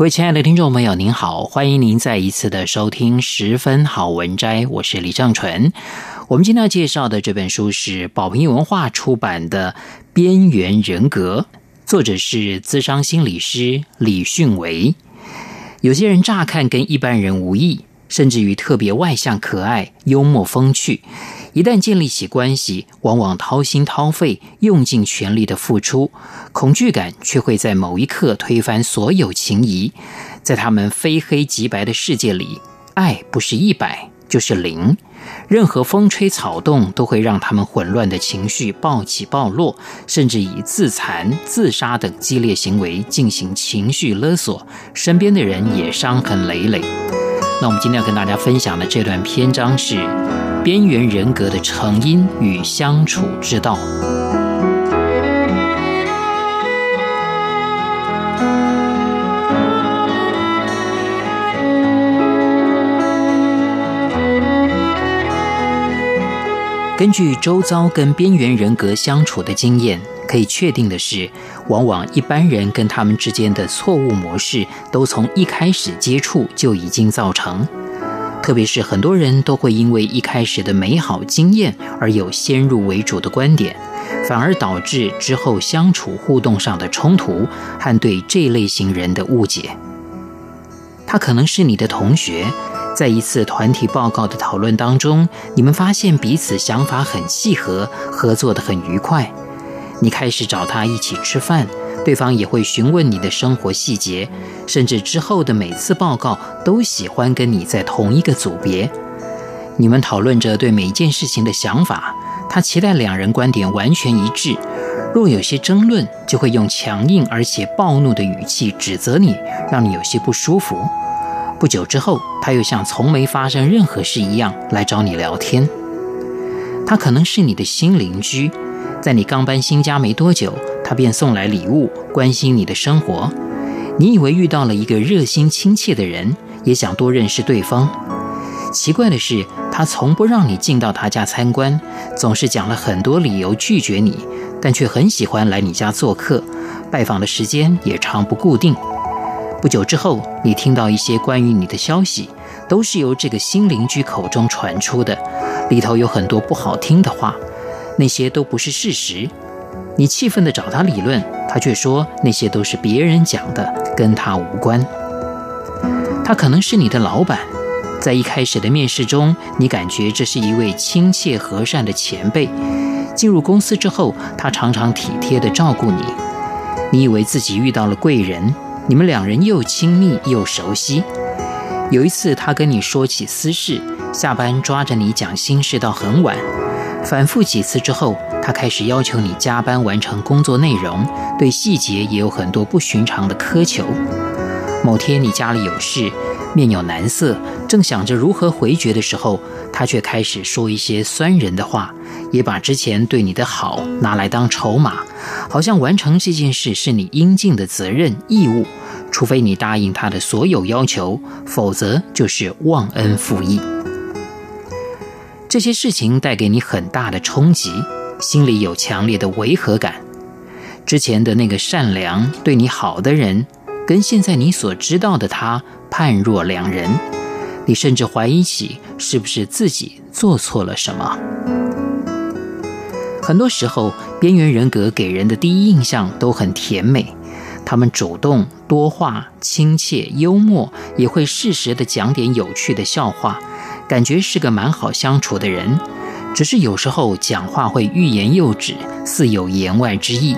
各位親愛的聽眾朋友，您好，歡迎您再一次的收聽《十分好文摘》，我是李正純。我們今天要介紹的這本書是寶瓶文化出版的《邊緣人格》，作者是諮商心理師李訓維。有些人乍看跟一般人無異，甚至於特別外向、可愛、幽默、風趣。一旦建立起關係，往往掏心掏肺、用盡全力地付出，恐懼感卻會在某一刻推翻所有情誼。在他們非黑即白的世界裡，愛不是一百，就是零，任何風吹草動都會讓他們混亂的情緒暴起暴落，甚至以自殘、自殺等激烈行為進行情緒勒索，身邊的人也傷痕累累。那我們今天要跟大家分享的這段篇章是。邊緣人格的成因與相處之道。根據周遭跟邊緣人格相處的經驗，可以確定的是，往往一般人跟他們之間的錯誤模式，都從一開始接觸就已經造成。特別是很多人都會因為一開始的美好經驗而有先入為主的觀點，反而導致之後相處互動上的衝突和對這類型人的誤解。他可能是你的同學，在一次團體報告的討論當中，你們發現彼此想法很契合，合作得很愉快，你開始找他一起吃飯。對方也會詢問你的生活細節，甚至之後的每次報告都喜歡跟你在同一個組別。你們討論着對每件事情的想法，他期待兩人觀點完全一致。若有些爭論，就會用強硬而且暴怒的語氣指責你，讓你有些不舒服。不久之後，他又像從沒發生任何事一樣來找你聊天。他可能是你的新鄰居，在你剛搬新家沒多久。他便送來禮物，關心你的生活。你以為遇到了一個熱心親切的人，也想多認識對方。奇怪的是，他從不讓你進到他家參觀，總是講了很多理由拒絕你，但卻很喜歡來你家做客，拜訪的時間也常不固定。不久之後，你聽到一些關於你的消息，都是由這個新鄰居口中傳出的，裡頭有很多不好聽的話，那些都不是事實。你氣憤地找他理論，他卻說那些都是別人講的，跟他無關。他可能是你的老闆，在一開始的面試中，你感覺這是一位親切和善的前輩。進入公司之後，他常常體貼地照顧你，你以為自己遇到了貴人。你們兩人又親密又熟悉。有一次，他跟你說起私事，下班抓着你講心事到很晚，反覆幾次之後。他開始要求你加班完成工作內容，對細節也有很多不尋常的苛求。某天你家裡有事，面有難色，正想着如何回絕的時候，他卻開始說一些酸人的話，也把之前對你的好拿來當籌碼，好像完成這件事是你應盡的責任義務，除非你答應他的所有要求，否則就是忘恩負義。這些事情帶給你很大的衝擊。心裡有強烈的違和感，之前的那個善良對你好的人，跟現在你所知道的他判若兩人。你甚至懷疑起是不是自己做錯了什麼。很多時候，邊緣人格給人的第一印象都很甜美，他們主動、多話、親切、幽默，也會適時的講點有趣的笑話，感覺是個蠻好相處的人。只是有時候講話會欲言又止，似有言外之意。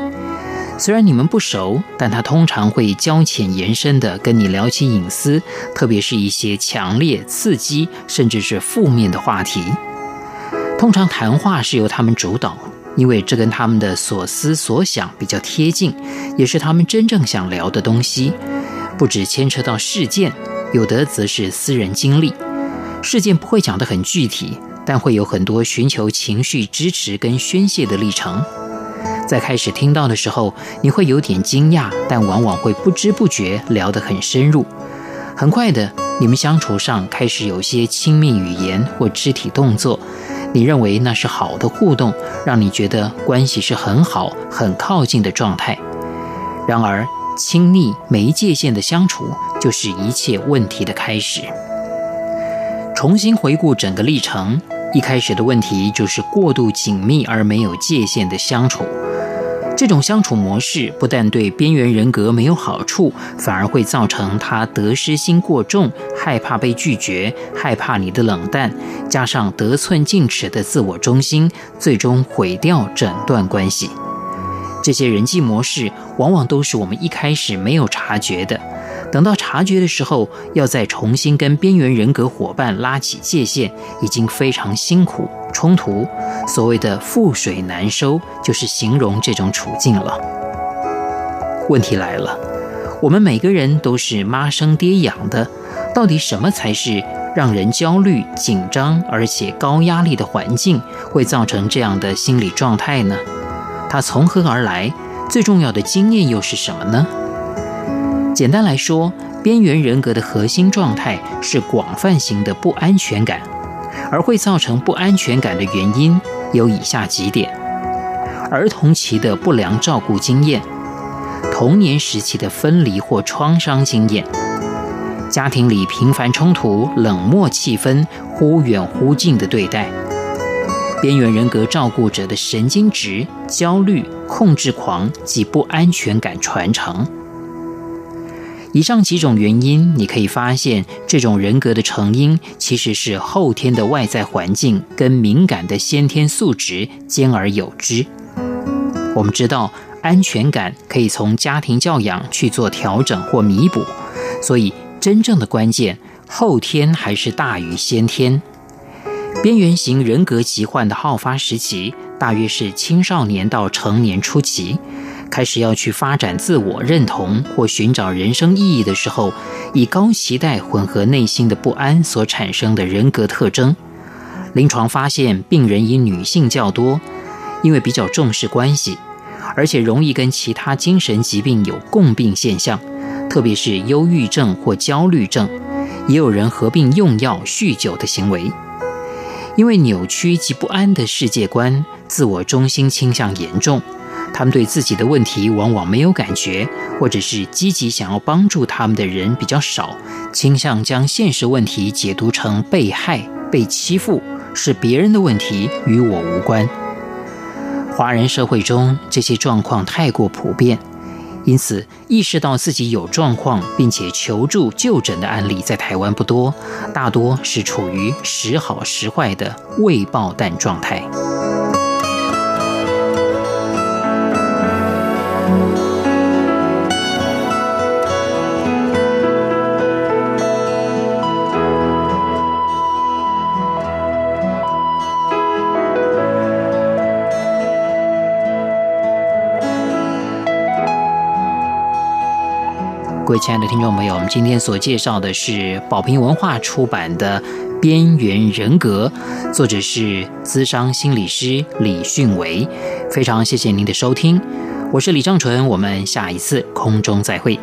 雖然你們不熟，但他通常會交淺言深地跟你聊起隱私，特別是一些強烈刺激，甚至是負面的話題。通常談話是由他們主導，因為這跟他們的所思所想比較貼近，也是他們真正想聊的東西。不只牽扯到事件，有的則是私人經歷。事件不會講得很具體。但會有很多尋求情緒支持跟宣洩的歷程，在開始聽到的時候，你會有點驚訝，但往往會不知不覺聊得很深入。很快的，你們相處上開始有些親密語言或肢體動作，你認為那是好的互動，讓你覺得關係是很好、很靠近的狀態。然而，親密沒界限的相處，就是一切問題的開始。重新回顧整個歷程，一開始的問題就是過度緊密而沒有界限的相處。這種相處模式不但對邊緣人格沒有好處，反而會造成他得失心過重，害怕被拒絕，害怕你的冷淡，加上得寸進尺的自我中心，最終毀掉整段關係。這些人際模式往往都是我們一開始沒有察覺的。等到察覺的時候，要再重新跟邊緣人格夥伴拉起界限，已經非常辛苦。衝突，所謂的“覆水難收”，就是形容這種處境了。問題來了，我們每個人都是媽生爹養的，到底什麼才是讓人焦慮、緊張而且高壓力的環境，會造成這樣的心理狀態呢？它從何而來？最重要的經驗又是什麼呢？簡單來說，邊緣人格的核心狀態是廣泛型的不安全感，而會造成不安全感的原因有以下幾點：兒童期的不良照顧經驗、童年時期的分離或創傷經驗、家庭裡頻繁衝突、冷漠氣氛、忽遠忽近的對待、邊緣人格照顧者的神經質、焦慮、控制狂及不安全感傳承。以上幾種原因，你可以發現，這種人格的成因其實是後天的外在環境跟敏感的先天素質兼而有之。我們知道，安全感可以從家庭教養去做調整或彌補，所以真正的關鍵，後天還是大於先天。邊緣型人格疾患的好發時期，大約是青少年到成年初期。開始要去發展自我認同或尋找人生意義的時候，以高期待混合內心的不安所產生的人格特徵。臨床發現，病人以女性較多，因為比較重視關係，而且容易跟其他精神疾病有共病現象，特別是憂鬱症或焦慮症，也有人合併用藥、酗酒的行為。因為扭曲及不安的世界觀，自我中心傾向嚴重。他們對自己的問題往往沒有感覺，或者是積極想要幫助他們的人比較少，傾向將現實問題解讀成被害、被欺負，是別人的問題，與我無關。華人社會中，這些狀況太過普遍，因此意識到自己有狀況並且求助就診的案例在台灣不多，大多是處於時好時壞的未爆彈狀態。各位親愛的聽眾朋友，我們今天所介紹的是寶瓶文化出版的《邊緣人格》，作者是諮商心理師李訓維。非常謝謝您的收聽，我是李尚純，我們下一次空中再會。